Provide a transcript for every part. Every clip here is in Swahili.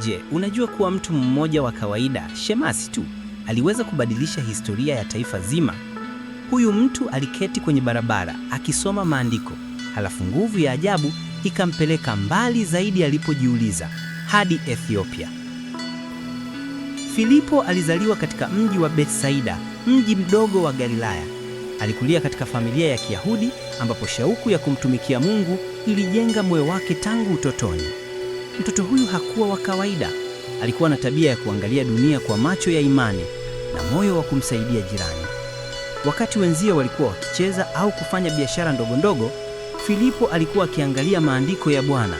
Je, unajua kuwa mtu mmoja wa kawaida, shemasi tu, aliweza kubadilisha historia ya taifa zima? Huyu mtu aliketi kwenye barabara akisoma maandiko, halafu nguvu ya ajabu ikampeleka mbali zaidi alipojiuliza, hadi Ethiopia. Filipo alizaliwa katika mji wa Betsaida, mji mdogo wa Galilaya. Alikulia katika familia ya Kiyahudi ambapo shauku ya kumtumikia Mungu ilijenga moyo wake tangu utotoni. Mtoto huyu hakuwa wa kawaida. Alikuwa na tabia ya kuangalia dunia kwa macho ya imani na moyo wa kumsaidia jirani. Wakati wenzio walikuwa wakicheza au kufanya biashara ndogo ndogo, Filipo alikuwa akiangalia maandiko ya Bwana,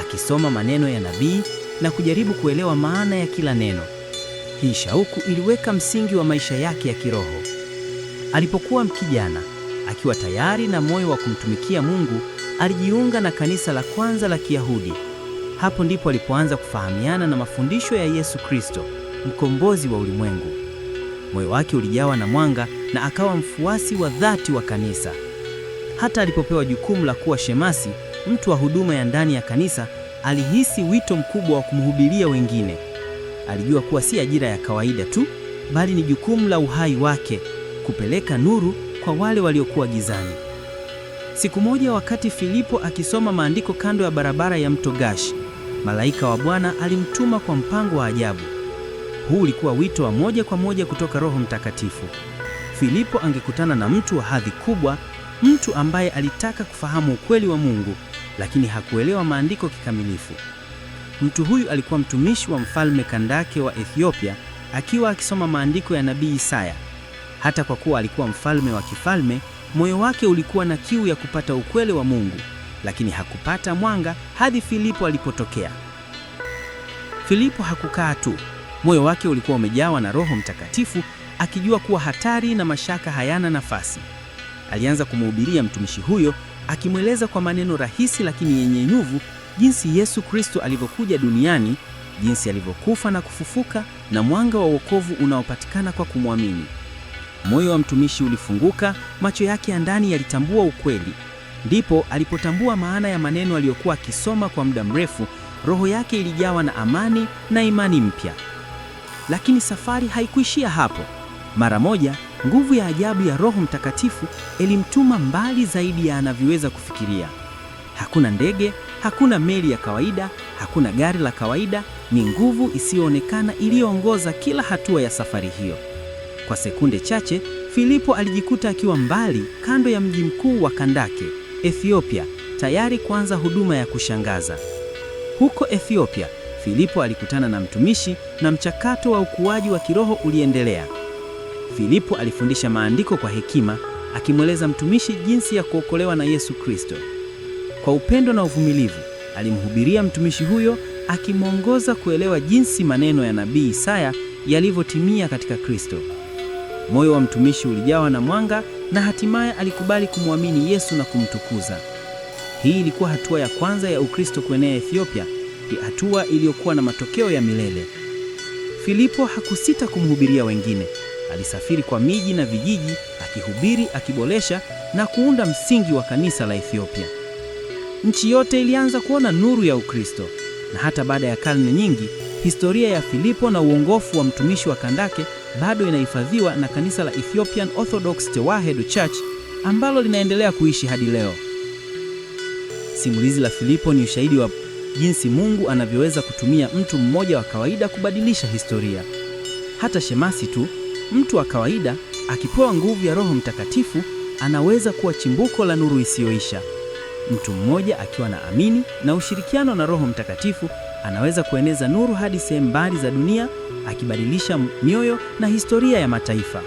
akisoma maneno ya nabii na kujaribu kuelewa maana ya kila neno. Hii shauku iliweka msingi wa maisha yake ya kiroho. Alipokuwa mkijana, akiwa tayari na moyo wa kumtumikia Mungu, alijiunga na kanisa la kwanza la Kiyahudi. Hapo ndipo alipoanza kufahamiana na mafundisho ya Yesu Kristo, mkombozi wa ulimwengu. Moyo wake ulijawa na mwanga na akawa mfuasi wa dhati wa kanisa. Hata alipopewa jukumu la kuwa shemasi, mtu wa huduma ya ndani ya kanisa, alihisi wito mkubwa wa kumhubiria wengine. Alijua kuwa si ajira ya kawaida tu, bali ni jukumu la uhai wake kupeleka nuru kwa wale waliokuwa gizani. Siku moja wakati Filipo akisoma maandiko kando ya barabara ya mto Gashi, malaika wa Bwana alimtuma kwa mpango wa ajabu. Huu ulikuwa wito wa moja kwa moja kutoka Roho Mtakatifu. Filipo angekutana na mtu wa hadhi kubwa, mtu ambaye alitaka kufahamu ukweli wa Mungu, lakini hakuelewa maandiko kikamilifu. Mtu huyu alikuwa mtumishi wa Mfalme Kandake wa Ethiopia, akiwa akisoma maandiko ya nabii Isaya. Hata kwa kuwa alikuwa mfalme wa kifalme, moyo wake ulikuwa na kiu ya kupata ukweli wa Mungu lakini hakupata mwanga hadi Filipo alipotokea. Filipo hakukaa tu, moyo wake ulikuwa umejawa na Roho Mtakatifu, akijua kuwa hatari na mashaka hayana nafasi. Alianza kumhubiria mtumishi huyo, akimweleza kwa maneno rahisi lakini yenye nyuvu jinsi Yesu Kristo alivyokuja duniani, jinsi alivyokufa na kufufuka, na mwanga wa wokovu unaopatikana kwa kumwamini. Moyo wa mtumishi ulifunguka, macho yake ya ndani yalitambua ukweli. Ndipo alipotambua maana ya maneno aliyokuwa akisoma kwa muda mrefu. Roho yake ilijawa na amani na imani mpya. Lakini safari haikuishia hapo. Mara moja, nguvu ya ajabu ya Roho Mtakatifu ilimtuma mbali zaidi ya anavyoweza kufikiria. Hakuna ndege, hakuna meli ya kawaida, hakuna gari la kawaida. Ni nguvu isiyoonekana iliyoongoza kila hatua ya safari hiyo. Kwa sekunde chache, Filipo alijikuta akiwa mbali kando ya mji mkuu wa Kandake. Ethiopia tayari kuanza huduma ya kushangaza. Huko Ethiopia, Filipo alikutana na mtumishi na mchakato wa ukuaji wa kiroho uliendelea. Filipo alifundisha maandiko kwa hekima, akimweleza mtumishi jinsi ya kuokolewa na Yesu Kristo. Kwa upendo na uvumilivu, alimhubiria mtumishi huyo, akimwongoza kuelewa jinsi maneno ya nabii Isaya yalivyotimia katika Kristo. Moyo wa mtumishi ulijawa na mwanga na hatimaye alikubali kumwamini Yesu na kumtukuza. Hii ilikuwa hatua ya kwanza ya Ukristo kuenea Ethiopia, hatua iliyokuwa na matokeo ya milele. Filipo hakusita kumhubiria wengine. Alisafiri kwa miji na vijiji akihubiri, akibolesha na kuunda msingi wa kanisa la Ethiopia. Nchi yote ilianza kuona nuru ya Ukristo, na hata baada ya karne nyingi, historia ya Filipo na uongofu wa mtumishi wa Kandake bado inahifadhiwa na kanisa la Ethiopian Orthodox Tewahed Church ambalo linaendelea kuishi hadi leo. Simulizi la Filipo ni ushahidi wa jinsi Mungu anavyoweza kutumia mtu mmoja wa kawaida kubadilisha historia. Hata shemasi tu, mtu wa kawaida akipewa nguvu ya Roho Mtakatifu anaweza kuwa chimbuko la nuru isiyoisha. Mtu mmoja akiwa na amini na ushirikiano na Roho Mtakatifu anaweza kueneza nuru hadi sehemu mbali za dunia, akibadilisha mioyo na historia ya mataifa.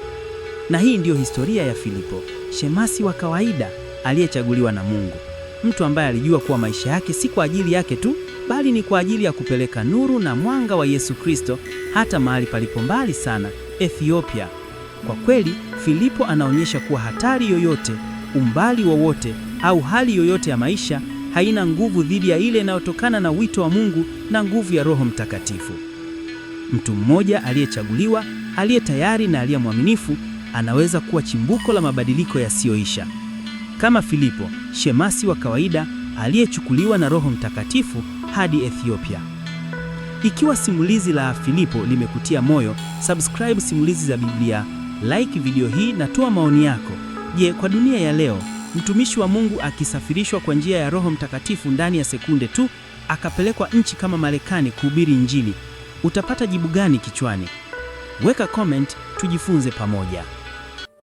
Na hii ndiyo historia ya Filipo, shemasi wa kawaida aliyechaguliwa na Mungu, mtu ambaye alijua kuwa maisha yake si kwa ajili yake tu, bali ni kwa ajili ya kupeleka nuru na mwanga wa Yesu Kristo hata mahali palipo mbali sana, Ethiopia. Kwa kweli, Filipo anaonyesha kuwa hatari yoyote, umbali wowote, au hali yoyote ya maisha haina nguvu dhidi ya ile inayotokana na wito wa Mungu na nguvu ya Roho Mtakatifu. Mtu mmoja aliyechaguliwa, aliye tayari na aliye mwaminifu anaweza kuwa chimbuko la mabadiliko yasiyoisha. Kama Filipo, shemasi wa kawaida aliyechukuliwa na Roho Mtakatifu hadi Ethiopia. Ikiwa simulizi la Filipo limekutia moyo, subscribe Simulizi za Biblia, like video hii na toa maoni yako. Je, kwa dunia ya leo mtumishi wa Mungu akisafirishwa kwa njia ya Roho Mtakatifu ndani ya sekunde tu akapelekwa nchi kama Marekani kuhubiri Injili. Utapata jibu gani kichwani? Weka comment tujifunze pamoja.